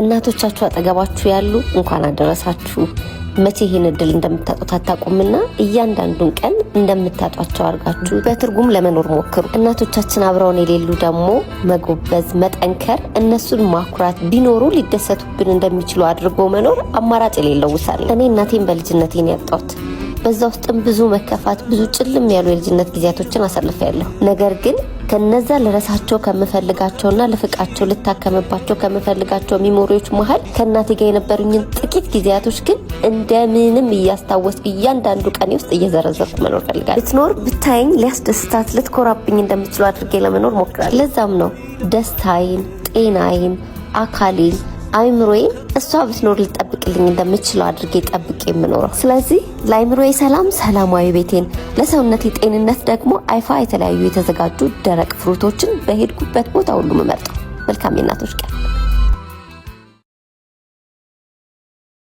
እናቶቻችሁ አጠገባችሁ ያሉ እንኳን አደረሳችሁ መቼ ይህን እድል እንደምታጡት አታውቁምና እያንዳንዱን ቀን እንደምታጧቸው አድርጋችሁ በትርጉም ለመኖር ሞክሩ። እናቶቻችን አብረውን የሌሉ ደግሞ መጎበዝ፣ መጠንከር፣ እነሱን ማኩራት፣ ቢኖሩ ሊደሰቱብን እንደሚችሉ አድርጎ መኖር አማራጭ የሌለው ውሳኔ። እኔ እናቴን በልጅነቴን ያጣሁት በዛ ውስጥም ብዙ መከፋት፣ ብዙ ጭልም ያሉ የልጅነት ጊዜያቶችን አሳልፌያለሁ። ነገር ግን ከነዛ ልረሳቸው ከምፈልጋቸውና ልፍቃቸው ልታከምባቸው ከምፈልጋቸው ሚሞሪዎች መሀል ከእናቴ ጋር የነበሩኝን ጥቂት ጊዜያቶች ግን እንደምንም እያስታወስኩ እያንዳንዱ ቀኔ ውስጥ እየዘረዘርኩ መኖር ፈልጋለሁ። ብትኖር ብታይኝ ሊያስደስታት ልትኮራብኝ እንደምትችሉ አድርጌ ለመኖር ሞክራለሁ። ለዛም ነው ደስታዬን፣ ጤናዬን፣ አካሌን፣ አይምሮዬን እሷ ብትኖር ልጠብቅልኝ እንደምችለው አድርጌ ጠብቄ የምኖረው። ስለዚህ ለአይምሮዬ ሰላም ሰላማዊ ቤቴን፣ ለሰውነቴ ጤንነት ደግሞ አይፋ የተለያዩ የተዘጋጁ ደረቅ ፍሩቶችን በሄድኩበት ቦታ ሁሉ መመርጠው። መልካም የእናቶች ቀን